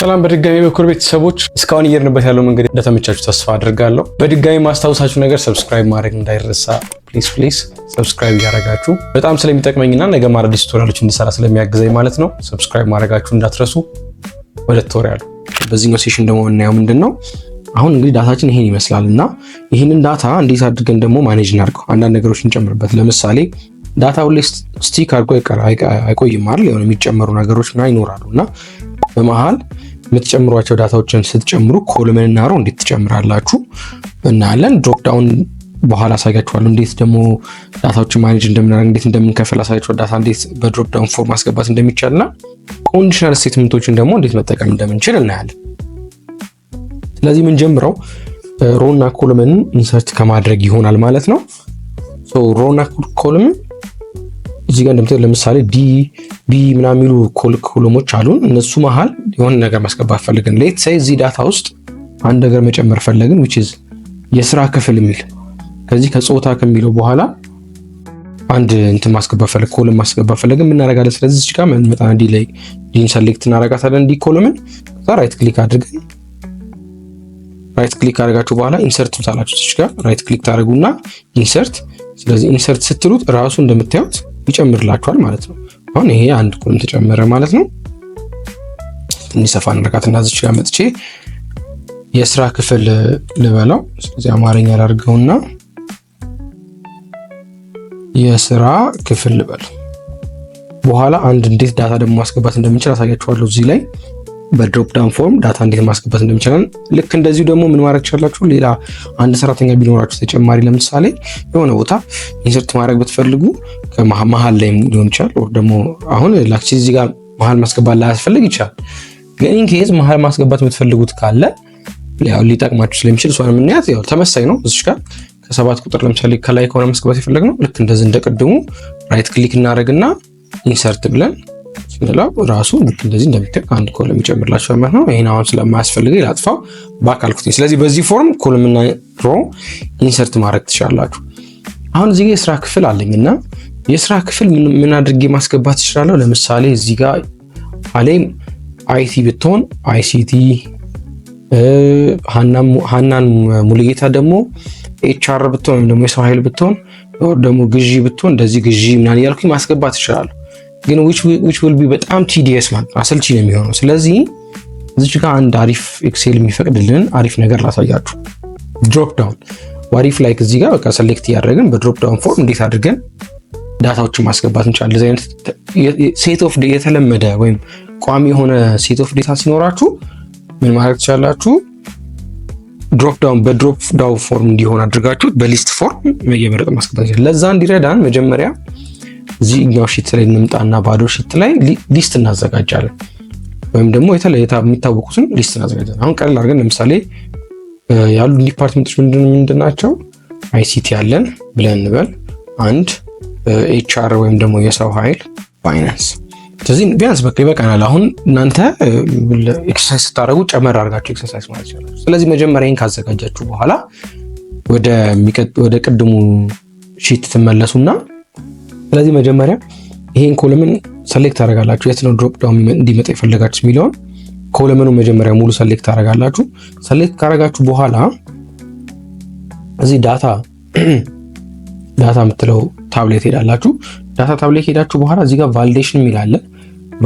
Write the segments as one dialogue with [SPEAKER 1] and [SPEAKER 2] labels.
[SPEAKER 1] ሰላም በድጋሚ በኩር ቤተሰቦች፣ እስካሁን እየርንበት ያለው መንገድ እንደተመቻችሁ ተስፋ አድርጋለሁ። በድጋሚ ማስታወሳችሁ ነገር ሰብስክራይብ ማድረግ እንዳይረሳ፣ ፕሊስ ፕሊስ ሰብስክራይብ እያደረጋችሁ በጣም ስለሚጠቅመኝና ነገ ማረዲስ ቱቶሪያሎች እንድሰራ ስለሚያግዘኝ ማለት ነው። ሰብስክራይብ ማድረጋችሁ እንዳትረሱ። ወደ ቱቶሪያሉ። በዚህኛው ሴሽን ደግሞ የምናየው ምንድን ነው? አሁን እንግዲህ ዳታችን ይሄን ይመስላል እና ይህንን ዳታ እንዴት አድርገን ደግሞ ማኔጅ እናድርገው፣ አንዳንድ ነገሮች እንጨምርበት። ለምሳሌ ዳታ ሁሌ ስቲክ አድርጎ አይቆይም አይደል? የሆነ የሚጨመሩ ነገሮች ይኖራሉ እና በመሀል የምትጨምሯቸው ዳታዎችን ስትጨምሩ ኮሎምን እና ሮ እንዴት ትጨምራላችሁ እናያለን። ድሮፕ ዳውን በኋላ አሳያችኋለሁ። እንዴት ደግሞ ዳታዎችን ማኔጅ እንደምናደርግ እንዴት እንደምንከፍል አሳያችኋለሁ። ዳታ እንዴት በድሮፕዳውን ዳውን ፎርም ማስገባት እንደሚቻልና ኮንዲሽናል ስቴትመንቶችን ደግሞ እንዴት መጠቀም እንደምንችል እናያለን። ስለዚህ የምንጀምረው ሮና ኮሎምን ኢንሰርት ከማድረግ ይሆናል ማለት ነው። ሮና ኮሎምን እዚህ ጋር እንደምታዩት ለምሳሌ ዲ ቢ ምናምን የሚሉ ኮሎሞች አሉን። እነሱ መሀል የሆነ ነገር ማስገባት ፈለግን። ሌት ሳይ እዚህ ዳታ ውስጥ አንድ ነገር መጨመር ፈለግን ዊች is የስራ ክፍል የሚል ከዚህ ከጾታ ከሚለው በኋላ አንድ እንትን ማስገባት ፈለግ ኮሎም ማስገባት ፈለግን። ምን እናደርጋለን? ስለዚህ እዚህ ጋር መጣና ዲ ላይ ዲን ሰሌክት እናደርጋታለን ዲ ኮሎምን። ከዛ ራይት ክሊክ አድርገን ራይት ክሊክ አድርጋችሁ በኋላ ኢንሰርት ትላላችሁ። እዚህ ጋር ራይት ክሊክ ታደርጉና ኢንሰርት። ስለዚህ ኢንሰርት ስትሉት ራሱ እንደምታዩት ይጨምርላችኋል ማለት ነው። አሁን ይሄ አንድ ኮለም ተጨመረ ማለት ነው። ትንሽ ሰፋ እና እዚች ጋር መጥቼ የስራ ክፍል ልበለው። ስለዚህ አማርኛ ላድርገውና የስራ ክፍል ልበል። በኋላ አንድ እንዴት ዳታ ደግሞ ማስገባት እንደምንችል አሳያችኋለሁ እዚህ ላይ በድሮፕ ዳውን ፎርም ዳታ እንዴት ማስገባት እንደሚችላል። ልክ እንደዚሁ ደግሞ ምን ማድረግ ትችላላችሁ? ሌላ አንድ ሰራተኛ ቢኖራችሁ ተጨማሪ ለምሳሌ የሆነ ቦታ ኢንሰርት ማድረግ ብትፈልጉ መሀል ላይ ሊሆን ይችላል። ደግሞ አሁን ላክቺ እዚህ ጋር መሀል ማስገባት ላያስፈልግ ይችላል። ግን ኢንኬዝ መሀል ማስገባት የምትፈልጉት ካለ ሊጠቅማችሁ ስለሚችል እሷን ያው ተመሳይ ነው። እዚሽ ጋር ከሰባት ቁጥር ለምሳሌ ከላይ ከሆነ ማስገባት የፈለግነው ልክ እንደዚህ እንደቅድሙ ራይት ክሊክ እናደርግና ኢንሰርት ብለን ስንበላ ራሱ እንደዚህ እንደሚጠቅ አንድ ኮለም ይጨምርላቸዋል ማለት ነው። ይህን አሁን ስለማያስፈልገኝ ላጥፋው ባክ አልኩት። ስለዚህ በዚህ ፎርም ኮለምና ሮ ኢንሰርት ማድረግ ትችላላችሁ። አሁን እዚህ የስራ ክፍል አለኝና የስራ ክፍል ምን አድርጌ ማስገባት እችላለሁ? ለምሳሌ እዚህ ጋር አሌም አይቲ ብትሆን አይሲቲ፣ ሀናን ሙሉጌታ ደግሞ ኤችአር ብትሆን ወይም ደግሞ የሰው ኃይል ብትሆን፣ ወር ደግሞ ግዢ ብትሆን እንደዚህ ግዢ ምናምን እያልኩኝ ማስገባት እችላለሁ። ግን ዊች ዊል ቢ በጣም ቲዲየስ ማለት ነው፣ አሰልቺ ነው የሚሆነው። ስለዚህ እዚች ጋር አንድ አሪፍ ኤክሴል የሚፈቅድልን አሪፍ ነገር ላሳያችሁ። ድሮፕ ዳውን ዋሪፍ ላይክ እዚህ ጋር በቃ ሰሌክት እያደረግን በድሮፕ ዳውን ፎርም እንዴት አድርገን ዳታዎችን ማስገባት እንችላለን። እዚህ አይነት ሴት ኦፍ የተለመደ ወይም ቋሚ የሆነ ሴት ኦፍ ዴታ ሲኖራችሁ ምን ማድረግ ትችላላችሁ? ድሮፕ ዳውን በድሮፕ ዳውን ፎርም እንዲሆን አድርጋችሁ በሊስት ፎርም እየመረጠ ማስገባት ይችላል። ለዛ እንዲረዳን መጀመሪያ እዚህኛው ሺት ላይ እንምጣና ባዶ ሺት ላይ ሊስት እናዘጋጃለን ወይም ደግሞ የተለየ የሚታወቁትን ሊስት እናዘጋጃለን። አሁን ቀለል አድርገን ለምሳሌ ያሉን ዲፓርትመንቶች ምንድን ምንድን ናቸው? አይሲቲ ያለን ብለን እንበል አንድ፣ ኤችአር ወይም ደግሞ የሰው ኃይል፣ ፋይናንስ ስለዚህ ቢያንስ በቃ ይበቃናል። አሁን እናንተ ኤክሰርሳይዝ ስታደርጉ ጨመር አድርጋችሁ ኤክሰርሳይዝ ማለት ይችላል። ስለዚህ መጀመሪያ ይህን ካዘጋጃችሁ በኋላ ወደ ቅድሙ ሺት ትመለሱና ስለዚህ መጀመሪያ ይሄን ኮለምን ሰሌክት ታደርጋላችሁ። የት ነው ድሮፕ ዳውን እንዲመጣ የፈለጋችሁ የሚለውን ኮለምኑ መጀመሪያ ሙሉ ሰሌክት ታደርጋላችሁ። ሰሌክት ካደረጋችሁ በኋላ እዚህ ዳታ ዳታ የምትለው ታብሌት ሄዳላችሁ። ዳታ ታብሌት ሄዳችሁ በኋላ እዚህ ጋር ቫሊዴሽን የሚል አለ።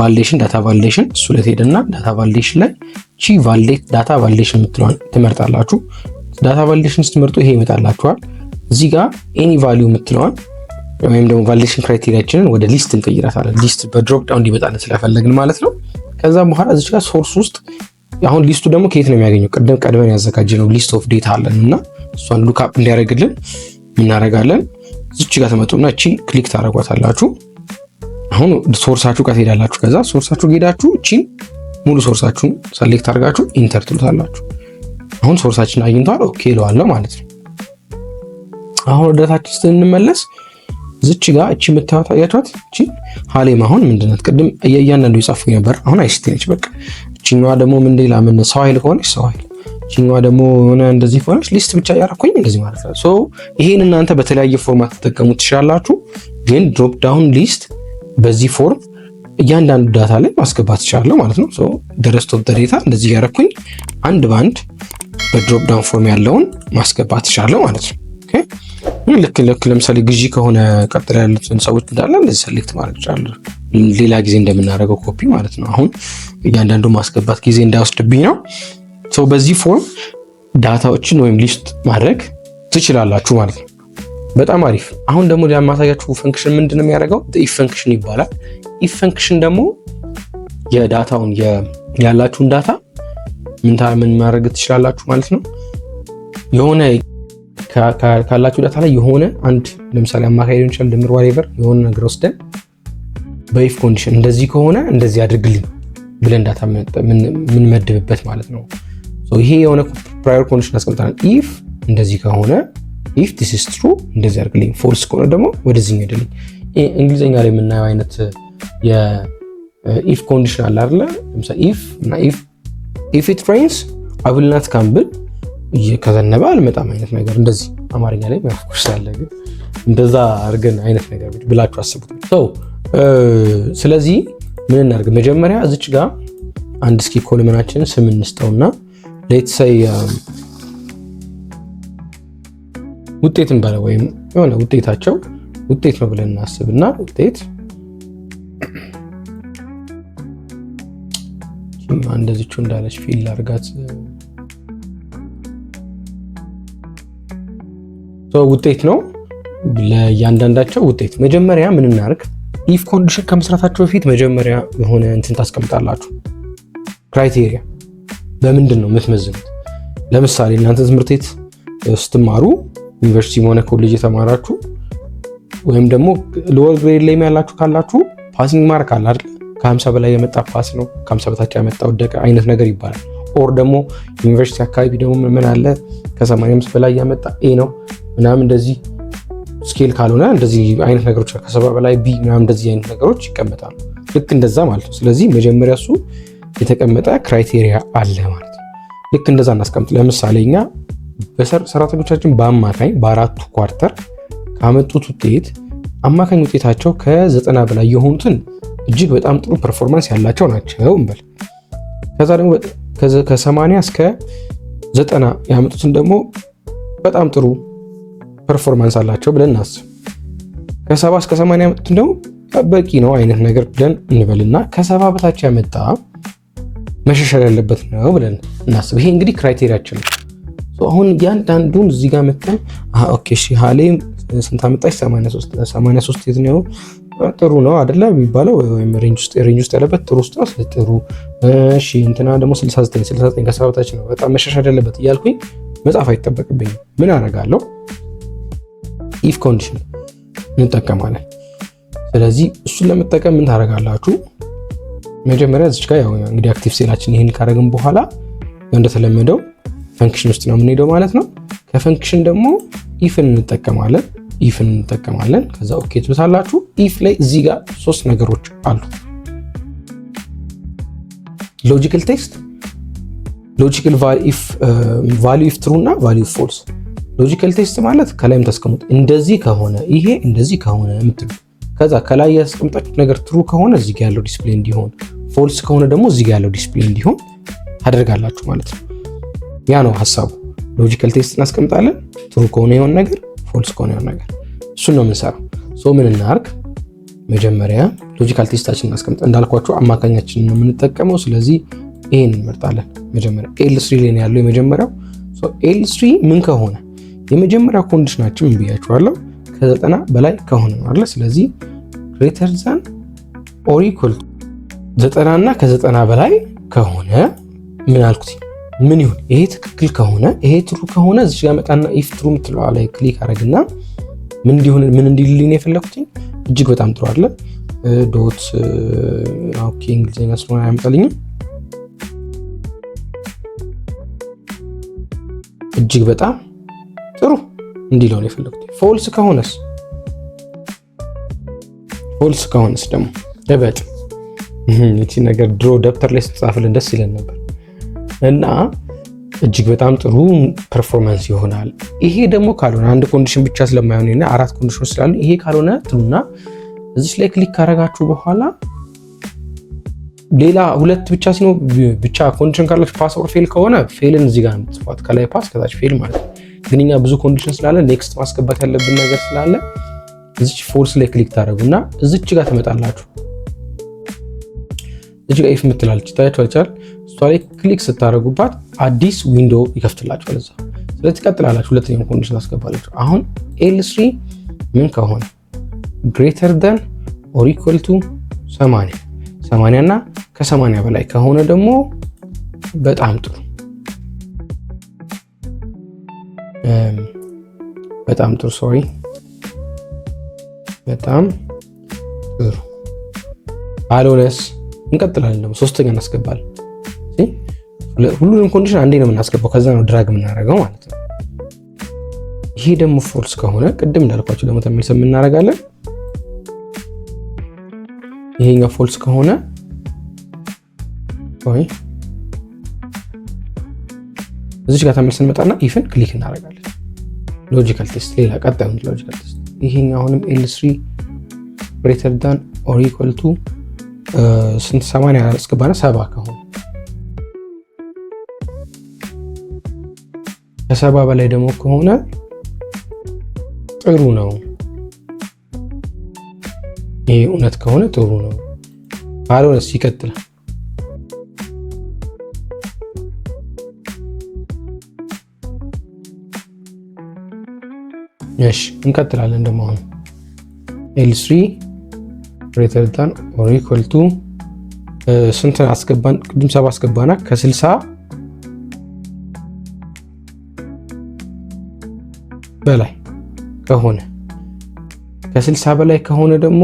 [SPEAKER 1] ቫሊዴሽን ዳታ ቫሊዴሽን እሱ ላይ ትሄድና ዳታ ቫሊዴሽን ላይ ቺ ቫሊዴት ዳታ ቫሊዴሽን የምትለዋን ትመርጣላችሁ። ዳታ ቫሊዴሽን ስትመርጡ ይሄ ይመጣላችኋል። እዚህ ጋር ኤኒ ቫሊዩ የምትለዋን ወይም ደግሞ ቫሊዴሽን ክራይቴሪያችንን ወደ ሊስት እንቀይራታለን። ሊስት በድሮፕ ዳውን እንዲመጣለን ስለፈለግን ማለት ነው። ከዛም በኋላ እዚች ጋር ሶርስ ውስጥ አሁን ሊስቱ ደግሞ ከየት ነው የሚያገኘው? ቅድም ቀድመን ያዘጋጀነው ሊስት ኦፍ ዴታ አለን እና እሷን ሉካፕ እንዲያደርግልን እናደርጋለን። እዚች ጋር ተመጡና እቺን ክሊክ ታደርጓታላችሁ። አሁን ሶርሳችሁ ጋር ትሄዳላችሁ። ከዛ ሶርሳችሁ ሄዳችሁ እቺን ሙሉ ሶርሳችሁን ሰሌክት አድርጋችሁ ኢንተር ትሉታላችሁ። አሁን ሶርሳችን አግኝተዋል፣ ኦኬ እለዋለሁ ማለት ነው። አሁን ወደታችን ስንመለስ ዝች ጋ እቺ የምታዩት አያቷት እቺ ሀሌም አሁን ምንድነት? ቅድም እያንዳንዱ የጻፍኩ ነበር። አሁን አይሲቲ ነች። በቃ እችኛዋ ደግሞ ምን ሌላ ምን ሰው ኃይል ከሆነች ሰው ኃይል፣ እችኛዋ ደግሞ ሆነ እንደዚህ ከሆነች ሊስት ብቻ እያረኩኝ እንደዚህ ማለት ነው። ሶ ይሄን እናንተ በተለያየ ፎርማት ተጠቀሙ ትችላላችሁ፣ ግን ድሮፕ ዳውን ሊስት በዚህ ፎርም እያንዳንዱ ዳታ ላይ ማስገባት ትችላለሁ ማለት ነው። ሶ ደረስቶ ደሬታ እንደዚህ እያረኩኝ አንድ በአንድ በድሮፕ ዳውን ፎርም ያለውን ማስገባት ትችላለሁ ማለት ነው። ኦኬ ልክ ልክ ለምሳሌ ግዢ ከሆነ ቀጥላ ያሉትን ሰዎች እንዳለ እንደዚህ ሰሌክት ማድረግ ይችላለሁ። ሌላ ጊዜ እንደምናደርገው ኮፒ ማለት ነው። አሁን እያንዳንዱ ማስገባት ጊዜ እንዳይወስድብኝ ነው። ሰው በዚህ ፎርም ዳታዎችን ወይም ሊስት ማድረግ ትችላላችሁ ማለት ነው። በጣም አሪፍ። አሁን ደግሞ ሊያማሳያችሁ ፈንክሽን ምንድን ነው የሚያደርገው? ኢፍ ፈንክሽን ይባላል። ኢፍ ፈንክሽን ደግሞ የዳታውን ያላችሁን ዳታ ምን ማድረግ ትችላላችሁ ማለት ነው የሆነ ካላችሁ ዳታ ላይ የሆነ አንድ ለምሳሌ አማካይ ሊሆን ይችላል ድምር ዋሬቨር የሆነ ነገር ወስደን በኢፍ ኮንዲሽን እንደዚህ ከሆነ እንደዚህ አድርግልኝ ብለን ዳታ የምንመድብበት ማለት ነው። ይሄ የሆነ ፕራዮር ኮንዲሽን አስቀምጠናል። ኢፍ እንደዚህ ከሆነ ኢፍ ዲስ ኢዝ ትሩ እንደዚህ አድርግልኝ፣ ፎልስ ከሆነ ደግሞ ወደዚህ ሄደልኝ። እንግሊዝኛ ላይ የምናየው አይነት የኢፍ ኮንዲሽን አለ አይደለ? ለምሳሌ ኢፍ እና ኢፍ ኢፍ ኢት ሬንስ አይ ዊል ናት ካም ብል ከዘነበ አልመጣም አይነት ነገር እንደዚህ አማርኛ ላይ መፍኩሽ ያለ ግን እንደዛ አድርገን አይነት ነገር ብላችሁ አስቡት። ሰው ስለዚህ ምን እናድርግ? መጀመሪያ እዚች ጋ አንድ እስኪ ኮልመናችን ስም እንስጠውና ሌትስ ሰይ ውጤት እንበለ ወይም የሆነ ውጤታቸው ውጤት ነው ብለን እናስብ እና ውጤት እንደዚች እንዳለች ፊል አድርጋት ውጤት ነው ለእያንዳንዳቸው ውጤት። መጀመሪያ ምን እናርግ? ኢፍ ኮንዲሽን ከመስራታቸው በፊት መጀመሪያ የሆነ እንትን ታስቀምጣላችሁ። ክራይቴሪያ በምንድን ነው የምትመዝኑት? ለምሳሌ እናንተ ትምህርት ቤት ስትማሩ ዩኒቨርሲቲ ሆነ ኮሌጅ የተማራችሁ ወይም ደግሞ ሎወር ግሬድ ላይ ያላችሁ ካላችሁ ፓሲንግ ማርክ አለ አይደል? በላይ የመጣ ፓስ ነው ከሀምሳ በታች ያመጣ ወደቀ አይነት ነገር ይባላል። ኦር ደግሞ ዩኒቨርሲቲ አካባቢ ደግሞ ምን አለ? ከ85 በላይ ያመጣ ኤ ነው፣ ምናምን እንደዚህ ስኬል ካልሆነ እንደዚህ አይነት ነገሮች ከሰባ በላይ ቢ ምናምን እንደዚህ አይነት ነገሮች ይቀመጣሉ። ልክ እንደዛ ማለት ነው። ስለዚህ መጀመሪያ እሱ የተቀመጠ ክራይቴሪያ አለ ማለት ነው። ልክ እንደዛ እናስቀምጥ። ለምሳሌ እኛ ሰራተኞቻችን በአማካኝ በአራቱ ኳርተር ካመጡት ውጤት አማካኝ ውጤታቸው ከዘጠና በላይ የሆኑትን እጅግ በጣም ጥሩ ፐርፎርማንስ ያላቸው ናቸው እንበል። ከዛ ደግሞ ከሰማንያ እስከ ዘጠና ያመጡትን ደግሞ በጣም ጥሩ ፐርፎርማንስ አላቸው ብለን እናስብ። ከሰባ እስከ ሰማንያ ዓመት ደግሞ በቂ ነው አይነት ነገር ብለን እንበልና ከሰባ በታች ያመጣ መሻሻል ያለበት ነው ብለን እናስብ። ይሄ እንግዲህ ክራይቴሪያችን ነው። አሁን ያንዳንዱን እዚህ ጋር መተን ሺሃሌ ስንት አመጣች? 83 የት ነው ጥሩ ነው አደለ የሚባለው ወይም ሬንጅ ውስጥ ያለበት ጥሩ ውስጥ ነው ጥሩ። እሺ እንትና ደግሞ 69 69 ከሰባ በታች ነው በጣም መሻሻል ያለበት እያልኩኝ መጻፍ አይጠበቅብኝም። ምን አደርጋለሁ ኢፍ ኮንዲሽን እንጠቀማለን። ስለዚህ እሱን ለመጠቀም ምን ታደርጋላችሁ? መጀመሪያ እዚች ጋ ያው እንግዲህ አክቲቭ ሴላችን ይህን ካደረግን በኋላ እንደተለመደው ፈንክሽን ውስጥ ነው የምንሄደው ማለት ነው። ከፈንክሽን ደግሞ ኢፍን እንጠቀማለን ኢፍን እንጠቀማለን። ከዛ ኦኬ ትሉታላችሁ። ኢፍ ላይ እዚህ ጋር ሶስት ነገሮች አሉ። ሎጂካል ቴስት፣ ሎጂካል ቫልዩ ኢፍ ትሩ እና ቫልዩ ፎልስ ሎጂካል ቴስት ማለት ከላይም ታስቀምጡ እንደዚህ ከሆነ ይሄ እንደዚህ ከሆነ የምትሉ ከዛ ከላይ ያስቀምጣችሁ ነገር ትሩ ከሆነ እዚህ ጋር ያለው ዲስፕሌይ እንዲሆን፣ ፎልስ ከሆነ ደግሞ እዚህ ጋር ያለው ዲስፕሌይ እንዲሆን ታደርጋላችሁ ማለት ነው። ያ ነው ሀሳቡ። ሎጂካል ቴስት እናስቀምጣለን። ትሩ ከሆነ የሆነ ነገር፣ ፎልስ ከሆነ የሆን ነገር። እሱን ነው የምንሰራው። ሶ ምን እናርግ? መጀመሪያ ሎጂካል ቴስታችን እናስቀምጥ። እንዳልኳቸው አማካኛችንን ነው የምንጠቀመው። ስለዚህ ይሄን እንመርጣለን። መጀመሪያ ኤል ስሪ ላይ ያለው የመጀመሪያው ኤል ስሪ ምን ከሆነ የመጀመሪያ ኮንዲሽናችን ብያችኋለሁ ከዘጠና በላይ ከሆነ ነው አለ። ስለዚህ ግሬተር ዛን ኦር ኢኩል ዘጠና እና ከዘጠና በላይ ከሆነ ምን አልኩት ምን ይሁን ይሄ ትክክል ከሆነ ይሄ ትሩ ከሆነ እዚህ ጋር መጣና ኢፍ ትሩ ምትለዋ ላይ ክሊክ አረግና ምን እንዲሆን ምን እንዲልልኝ የፈለኩት እጅግ በጣም ጥሩ አለ ዶት ኦኬ እንግሊዝኛ ስለሆነ አያመጣልኝም። እጅግ በጣም እንዲለውን የፈለጉት። ፎልስ ከሆነስ ፎልስ ከሆነስ ደግሞ እበጥ እቺ ነገር ድሮ ደብተር ላይ ስትጻፍልን ደስ ይለን ነበር እና እጅግ በጣም ጥሩ ፐርፎርማንስ ይሆናል። ይሄ ደግሞ ካልሆነ አንድ ኮንዲሽን ብቻ ስለማይሆን አራት ኮንዲሽኖች ስላሉ ይሄ ካልሆነ ትሉና እዚች ላይ ክሊክ ካረጋችሁ በኋላ ሌላ ሁለት ብቻ ሲኖ ብቻ ኮንዲሽን ካላችሁ ፓስ ኦር ፌል ከሆነ ፌልን እዚህ ጋር ምጽፏት ከላይ ፓስ ከታች ፌል ማለት ነው። ግን እኛ ብዙ ኮንዲሽን ስላለ ኔክስት ማስገባት ያለብን ነገር ስላለ እዚች ፎርስ ላይ ክሊክ ታደረጉ እና እዚች ጋር ትመጣላችሁ። እዚች ጋር ኢፍ የምትላለች ታያችኋል። እሷ ላይ ክሊክ ስታደረጉባት አዲስ ዊንዶ ይከፍትላችኋል። እዛ ስለዚህ ትቀጥላላችሁ። ሁለተኛው ኮንዲሽን አስገባላችሁ። አሁን ኤልስሪ ምን ከሆነ ግሬተር ደን ኦር ኢኳል ቱ 80 80 እና ከ80 በላይ ከሆነ ደግሞ በጣም ጥሩ Um, በጣም ጥሩ ሶሪ፣ በጣም ጥሩ አልሆነስ፣ እንቀጥላለን። ደግሞ ሶስተኛ እናስገባለን። ሁሉንም ኮንዲሽን አንዴ ነው የምናስገባው፣ ከዛ ነው ድራግ የምናደርገው ማለት ነው። ይሄ ደግሞ ፎልስ ከሆነ ቅድም እንዳልኳቸው ደግሞ ተመልሰን የምናደርጋለን። ይሄኛው ፎልስ ከሆነ ወይ እዚች ጋር ተመልሰን መጣና ኢፍን ክሊክ እናደርጋለን። ሎጂካል ቴስት ሌላ ቀጣዩን ሎጂካል ቴስት ይሄኛው አሁንም ኤል ስሪ ግሬተር ዳን ኦር ኢኳል ቱ ስንት ሰማንያ አስገባና ሰባ ከሆነ ከሰባ በላይ ደግሞ ከሆነ ጥሩ ነው። ይህ እውነት ከሆነ ጥሩ ነው። ባልሆነስ ይቀጥላል። እሺ እንቀጥላለን። ደግሞ አሁን ኤል3 ግሬተር ዳን ኦር ኢኳል ቱ ስንት አስገባን? ቅድም ሰባ አስገባና ከስልሳ በላይ ከሆነ ከስልሳ በላይ ከሆነ ደግሞ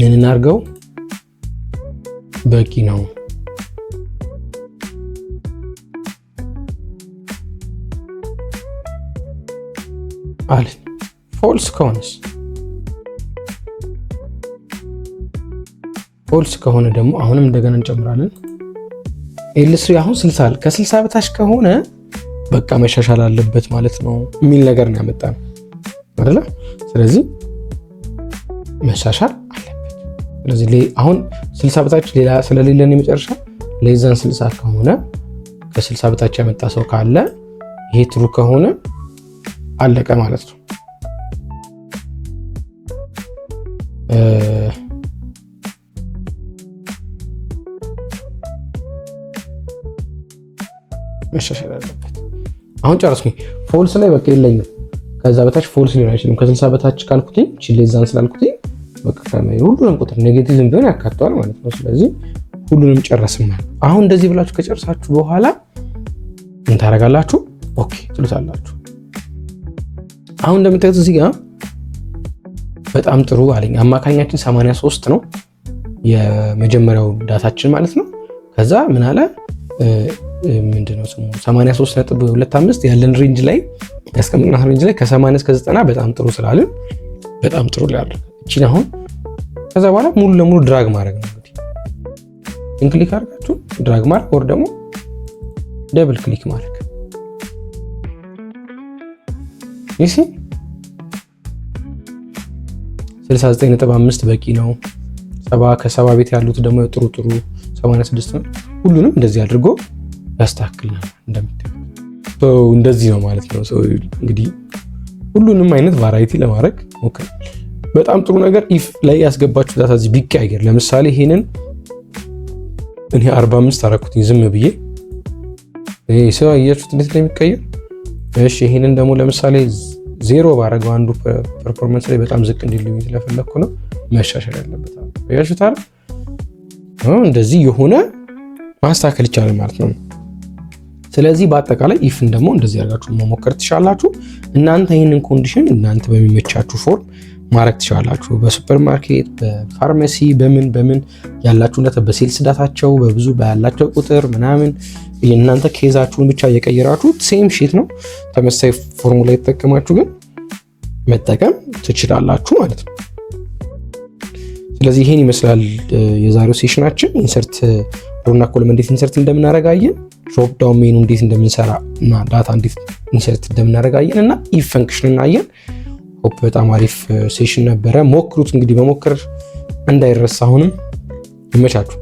[SPEAKER 1] ምን እናድርገው? በቂ ነው። አለኝ። ፎልስ ከሆነስ ፎልስ ከሆነ ደግሞ አሁንም እንደገና እንጨምራለን። ኤልስ አሁን ስልሳ ከስልሳ በታች ከሆነ በቃ መሻሻል አለበት ማለት ነው የሚል ነገር ነው ያመጣነው አይደለ? ስለዚህ መሻሻል አለበት። ስለዚህ አሁን ስልሳ በታች ሌላ ስለሌለን የመጨረሻ ሌዘን ስልሳ ከሆነ ከስልሳ በታች ያመጣ ሰው ካለ ይሄ ትሩ ከሆነ አለቀ ማለት ነው። መሻሻል አለበት። አሁን ጨረስኩኝ። ፎልስ ላይ በቃ የለኝም። ከዛ በታች ፎልስ ሊሆን አይችልም። ከስልሳ በታች ካልኩትኝ ችሌዛን ስላልኩትኝ በቃ ሁሉንም ቁጥር ኔጌቲቭም ቢሆን ያካተዋል ማለት ነው። ስለዚህ ሁሉንም ጨረስም። አሁን እንደዚህ ብላችሁ ከጨርሳችሁ በኋላ ምን ታደርጋላችሁ? ኦኬ ትሉታላችሁ። አሁን እንደምታዩት እዚህ ጋር በጣም ጥሩ አለኝ። አማካኛችን 83 ነው የመጀመሪያው ዳታችን ማለት ነው። ከዛ ምን አለ ምንድነው ስሙ 83.25 ያለን ሬንጅ ላይ ያስቀምጥና ሬንጅ ላይ ከ80 እስከ 90 በጣም ጥሩ ስላለን በጣም ጥሩ ላይ ላለ እቺን አሁን ከዛ በኋላ ሙሉ ለሙሉ ድራግ ማድረግ ነው እንግዲህ እንክሊክ አድርጋችሁ ድራግ ማድረግ ወር ደግሞ ደብል ክሊክ ማድረግ እሺ 69.5 በቂ ነው። ሰባ ከሰባ ቤት ያሉት ደግሞ ጥሩ ጥሩ 86 ነው። ሁሉንም እንደዚህ አድርጎ ያስተካክልናል። እንደምታዩ እንደዚህ ነው ማለት ነው። እንግዲህ ሁሉንም አይነት ቫራይቲ ለማድረግ ሞክር። በጣም ጥሩ ነገር ኢፍ ላይ ያስገባችሁ ዳታ እዚህ ቢቀያየር፣ ለምሳሌ ይሄንን እኔ 45 አረኩትኝ ዝም ብዬ ይሄ ሰው አያችሁት እንዴት እንደሚቀየር እሺ ይህንን ደግሞ ለምሳሌ ዜሮ ባረገው አንዱ ፐርፎርማንስ ላይ በጣም ዝቅ እንዲልኝ ስለፈለግኩ ነው። መሻሻል ያለበት ያሽታል እንደዚህ የሆነ ማስተካከል ይቻላል ማለት ነው። ስለዚህ በአጠቃላይ ኢፍን ደግሞ እንደዚህ አድርጋችሁ መሞከር ትችላላችሁ። እናንተ ይህንን ኮንዲሽን እናንተ በሚመቻችሁ ፎርም ማድረግ ትችላላችሁ። በሱፐርማርኬት፣ በፋርማሲ፣ በምን በምን ያላችሁ በሴልስ ዳታቸው በብዙ ባላቸው ቁጥር ምናምን የእናንተ ኬዛችሁን ብቻ እየቀየራችሁ ሴም ሺት ነው ተመሳይ ፎርሙላ የተጠቀማችሁ ግን መጠቀም ትችላላችሁ ማለት ነው። ስለዚህ ይህን ይመስላል የዛሬው ሴሽናችን። ኢንሰርት ሮና ኮለም እንዴት ኢንሰርት እንደምናረጋየን ድሮፕ ዳውን ሜኑ እንዴት እንደምንሰራ እና ዳታ እንዴት ኢንሰርት እንደምናረጋየን እና ኢፍ ፈንክሽን እናየን። ሆፕ በጣም አሪፍ ሴሽን ነበረ። ሞክሩት እንግዲህ በሞክር እንዳይረሳ። አሁንም ይመቻችሁ።